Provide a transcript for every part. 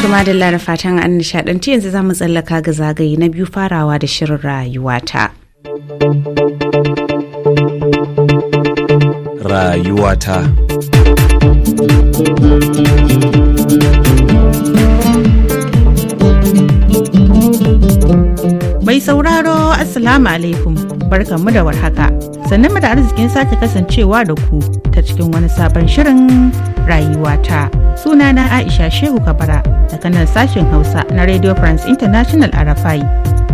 Tuma da lara fatan an nishadanci yanzu za mu tsallaka ga zagaye na biyu farawa da shirin rayuwata. Rayuwata. Mai sauraro Assalamu alaikum barkanmu da warhaka sannan mu da arzikin sake kasancewa da ku ta cikin wani sabon shirin rayuwata sunana aisha shehu kabara daga nan sashen hausa na radio france international arafai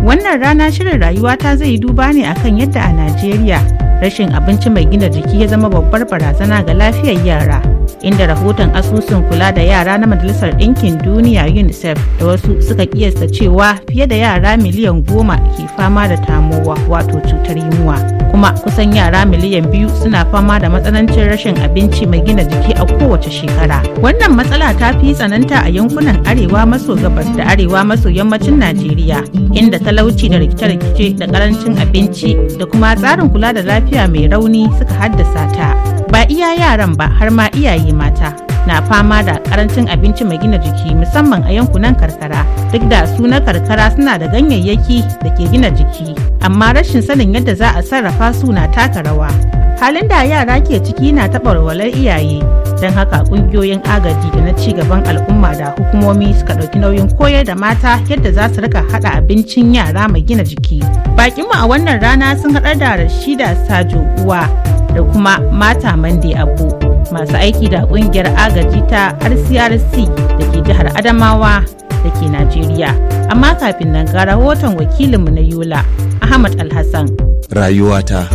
wannan rana shirin rayuwata zai yi duba ne akan yadda a najeriya rashin abinci mai gina jiki ya zama babbar barazana ga lafiyar yara inda rahoton asusun kula da yara na majalisar ɗinkin duniya unicef da wasu suka kiyasta cewa fiye da yara miliyan goma ke fama da tamowa wato cutar yunwa kuma kusan yara miliyan biyu suna fama da matsanancin rashin abinci mai gina jiki a kowace shekara wannan matsala ta fi tsananta a yankunan arewa maso gabas da arewa maso yammacin najeriya inda talauci da rikice-rikice da karancin abinci da kuma tsarin kula da lafiya lafiya mai rauni suka haddasa ta ba iya yaran ba har ma iyaye mata na fama da karancin abinci mai gina jiki musamman a yankunan karkara duk da su na karkara suna da ganyayyaki da ke gina jiki amma rashin sanin yadda za a sarrafa su na taka rawa halin da yara ke ciki na taɓa walwalar iyaye don haka ƙungiyoyin agaji da na ci gaban al'umma da hukumomi suka ɗauki nauyin koyar da mata yadda za su rika haɗa abincin yara mai gina jiki bakinmu a wannan rana sun haɗar da rashida sajo uwa da kuma Mata Mande Abu masu aiki da kungiyar agaji ta RCRC da ke jihar Adamawa da ke Najeriya. Amma kafin nan ga rahoton wakilinmu na Yola, Ahmad Alhassan. Rayuwata.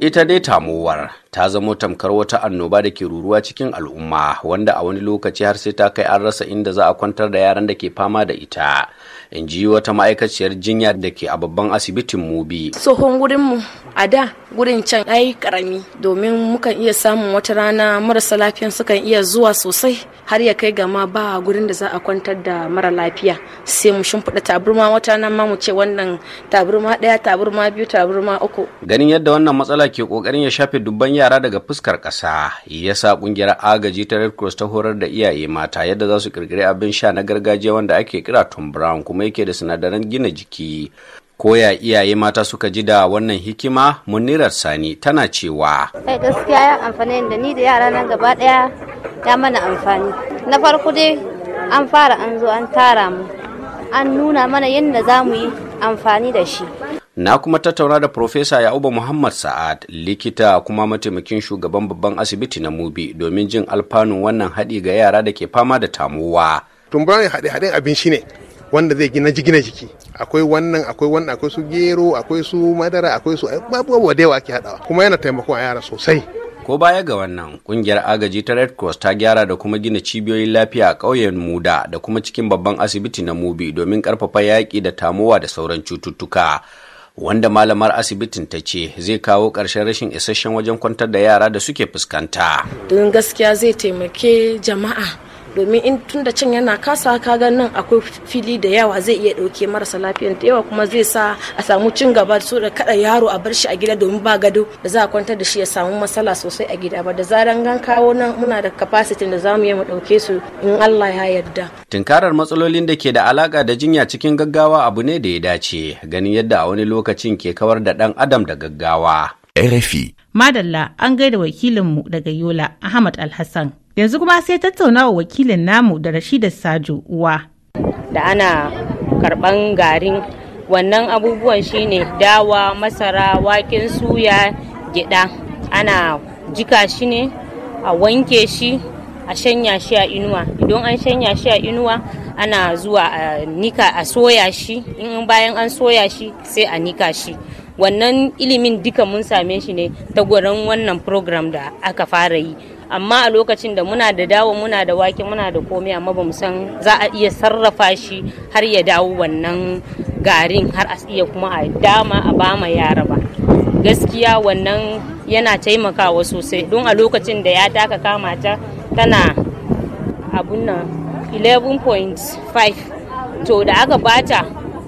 Ita dai tamuwar. ta zamo tamkar wata annoba da ke ruruwa cikin al'umma wanda a wani lokaci har sai ta kai an rasa inda za a kwantar da yaran da ke fama da ita in ji wata ma'aikaciyar jinya da ke a babban asibitin mubi tsohon gurinmu a da gurin can ai karami domin mukan iya samun wata rana marasa lafiyan sukan iya zuwa sosai har ya kai gama ba gurin da za a kwantar da mara lafiya sai mu shimfiɗa taburma wata nan ma mu ce wannan taburma ɗaya taburma biyu taburma uku ganin yadda wannan matsala ke ƙoƙarin ya shafe dubban yara yara daga fuskar ƙasa ya sa ƙungiyar agaji ta red cross ta horar da iyaye mata yadda za su ƙirƙiri abin sha na gargajiya wanda ake kira tom brown kuma yake da sinadaran gina jiki koya iyaye mata suka ji da wannan hikima munirar sani tana cewa kai gaskiya yan amfani da ni da yara nan gaba daya ya mana amfani na farko dai an fara an zo an tara mu an nuna mana yadda za mu yi amfani da shi na kuma tattauna da Profesa Ya'uba Muhammad Sa'ad likita kuma mataimakin shugaban babban asibiti na Mubi domin jin alfanun wannan haɗi ga yara da ke fama da tamuwa. Tumburan haɗe haɗin abin shi ne wanda zai gina gina jiki akwai wannan akwai wannan akwai su gero akwai su madara akwai su abubuwa da yawa ake haɗawa kuma yana taimako a yara sosai. Ko baya ga wannan kungiyar agaji ta Red Cross ta gyara da kuma gina cibiyoyin lafiya a ƙauyen Muda da kuma cikin babban asibiti na Mubi domin ƙarfafa yaƙi da tamuwa da sauran cututtuka. wanda malamar asibitin ta ce zai kawo ƙarshen rashin isasshen wajen kwantar da yara da suke fuskanta. Don gaskiya zai taimake jama'a domin in tun da can yana kasa ka ga nan akwai fili da yawa zai iya ɗauke marasa lafiyan da yawa kuma zai sa a samu cin gaba so da kada yaro a bar shi a gida domin ba gado da za a kwantar da shi ya samu matsala sosai a gida ba da zaran gan kawo nan muna da capacity da zamu yi mu ɗauke su in Allah ya yarda. Tunkarar matsalolin da ke da alaka da jinya cikin gaggawa abu ne da ya dace ganin yadda a wani lokacin ke kawar da dan adam da gaggawa. RFI. Madalla an gaida wakilinmu daga Yola Ahmad Alhassan. yanzu kuma sai tattaunawa wakilin namu da rashida sajo uwa da ana karban garin wannan abubuwan shine dawa masara waken suya gyaɗa ana jika shi ne a wanke shi a shanya shi a inuwa idan an shanya shi a inuwa ana zuwa a nika a soya shi in bayan an soya shi sai a nika shi wannan ilimin duka mun same shi ne ta gurin wannan program da aka fara yi amma a lokacin da muna da dawo muna da wake muna da komai amma ba san za a iya sarrafa shi har ya dawo wannan garin har a iya kuma a dama a bama yara ba gaskiya wannan yana taimakawa sosai don a lokacin da ya taka kama ta tana abun nan 11.5 to da aka bata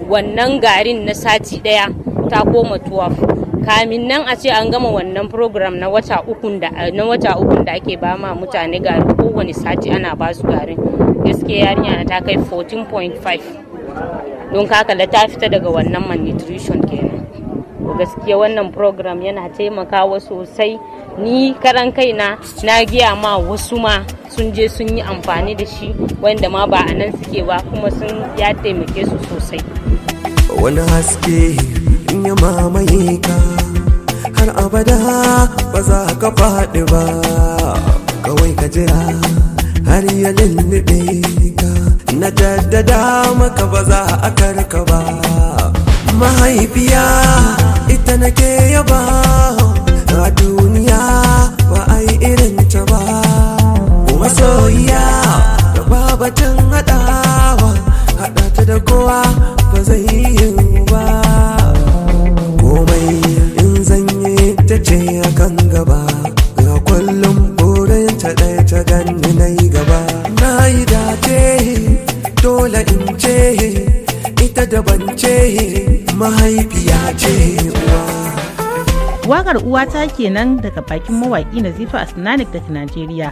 wannan garin na sati daya ta koma 12 kamin nan a ce an gama wannan program na wata ukun da na wata uku da ake ba ma mutane gari kowane sati ana ba su garin gaskiya yarinya na ta kai 14.5 don kaka da ta fita daga wannan malnutrition kenan gaskiya wannan program yana taimakawa sosai ni karan kaina na giya ma wasu ma sun je sun yi amfani da shi wanda ma ba a nan suke ba kuma sun ya taimake su sosai wani haske ya mamaye ka har abada ba za ka faɗi ba kawai ka jira har ya lullube ka na daddada maka ba za a karka ba mahaifiya ita nake yaba Waƙar uwata kenan daga bakin mawaƙi Nazifa Asnanik daga Najeriya.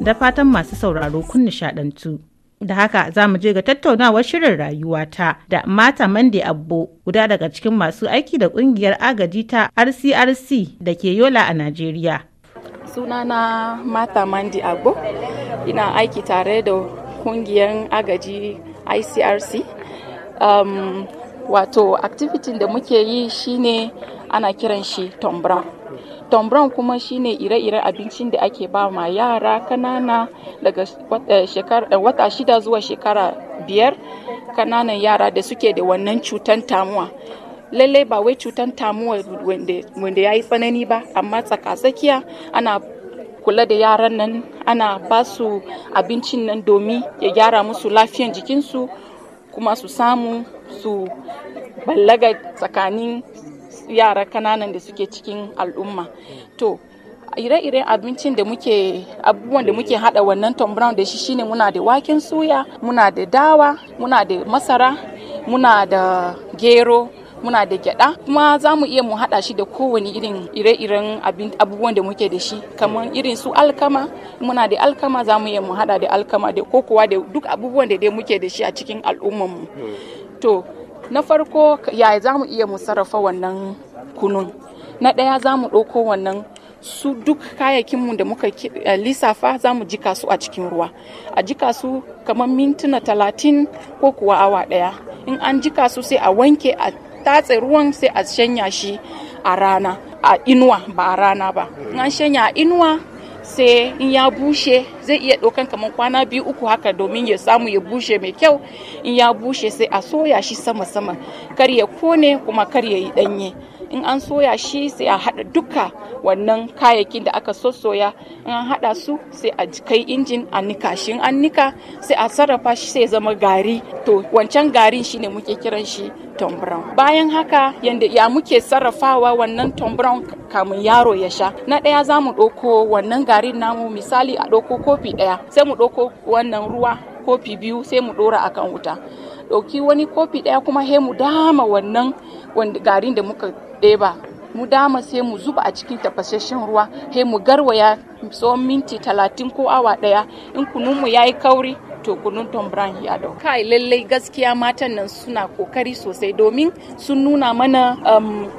Da fatan masu sauraro kun nishaɗantu. Da haka za mu je ga tattaunawar shirin rayuwata da Mata Mande Abbo guda daga cikin masu aiki da ƙungiyar agaji ta RCRC da ke Yola a Najeriya. Sunana Mata mande Agbo, ina aiki tare da ƙungiyar agaji ICRC. wato activity da muke yi shine ana kiran shi tombran tombran kuma shine ire-ire abincin da ake ba ma yara kanana daga eh, eh, wata shida zuwa shekara biyar kananan yara da suke da wannan cutan tamuwa lalle ba wai cutan tamuwa wanda ya yi tsanani ba amma tsakatsakiya ana kula da yaran nan ana ba su abincin nan domin ya gyara musu lafiyan jikinsu kuma su samu su ballaga tsakanin yara kananan da suke cikin al'umma to ire-iren abincin da muke abubuwan da muke hada wannan tom brown da shi shine muna da waken suya muna da dawa muna da masara muna da gero muna da gyada kuma za mu iya mu hada shi da kowane irin ire-iren abubuwan da muke da shi kamar irin su alkama muna da alkama za mu iya mu hada da alkama da kokowa da duk abubuwan da dai muke da shi a cikin al'ummarmu to na farko yaya za mu iya mu sarrafa wannan kunun na ɗaya za mu ɗauko wannan su duk kayakinmu da muka eh, lissafa za mu jika su a cikin ruwa a jika su kamar mintuna talatin ko kuwa awa ɗaya in an jika su sai a wanke a tatse ruwan sai a shanya shi a rana a inuwa ba a rana ba in an shanya a inuwa sai in ya bushe zai iya ɗaukan kamar kwana biyu uku haka domin ya samu ya bushe mai kyau in ya bushe sai a soya shi sama-sama kar ya kone kuma kar ya yi ɗanye in an soya shi sai a haɗa duka wannan kayayyakin da aka sossoya in an haɗa su sai a kai injin a nika shi in an nika sai a sarrafa shi sai zama gari to wancan garin shine muke kiran shi tom brown bayan haka yanda ya muke sarrafawa wannan tom brown kamun yaro ya sha na ɗaya za mu ɗauko wannan garin namu misali a ɗauko kofi ɗaya sai mu ɗauko wannan ruwa kofi biyu sai mu ɗora akan wuta ɗauki wani kofi ɗaya kuma he mu dama wannan garin da muka ba mu dama sai mu zuba a cikin tafasasshen ruwa sai mu garwaya tsawon minti talatin ko awa ɗaya in kununmu ya yi kauri to kunun Tom Brown ya dau. Kai lallai gaskiya matan nan suna kokari sosai domin sun nuna mana um,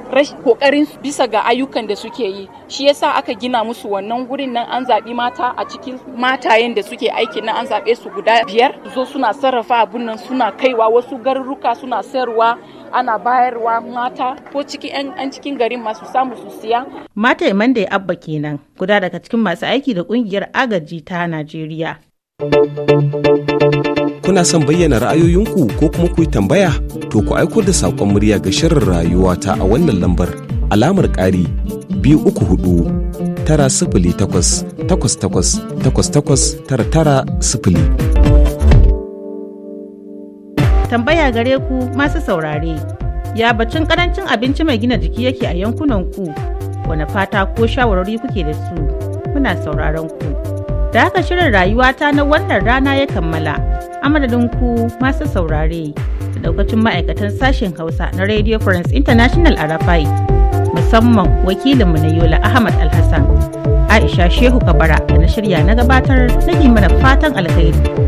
kokarin bisa ga ayyukan da suke yi. Shi yasa aka gina musu wannan gurin nan an zaɓi mata a cikin matayen da suke aiki na an zaɓe su guda biyar. Zo suna sarrafa abun nan suna kaiwa wasu garuruka suna sayarwa ana bayarwa mata ko cikin 'yan cikin garin masu samu su siya. Mata Imande Abba kenan guda daga cikin masu aiki da kungiyar agaji ta Najeriya. Kuna son bayyana ra'ayoyinku ko kuma ku yi tambaya? To ku aiko da saƙon murya ga shirin rayuwa ta a wannan lambar alamar ƙari biyu uku hudu tara sifili takwas takwas takwas takwas takwas tara tara sifili. tambaya gare ku masu saurare ya bacin karancin abinci mai gina jiki yake a yankunan ku wani fata ko shawarwari kuke da su muna sauraron ku da haka shirin rayuwata na wannan rana ya kammala amadadin ku masu saurare da daukacin ma'aikatan sashen hausa na radio france international rafai musamman wakilinmu na yola ahmad alhassan aisha shehu kabara da na shirya na gabatar na mana fatan alkhairi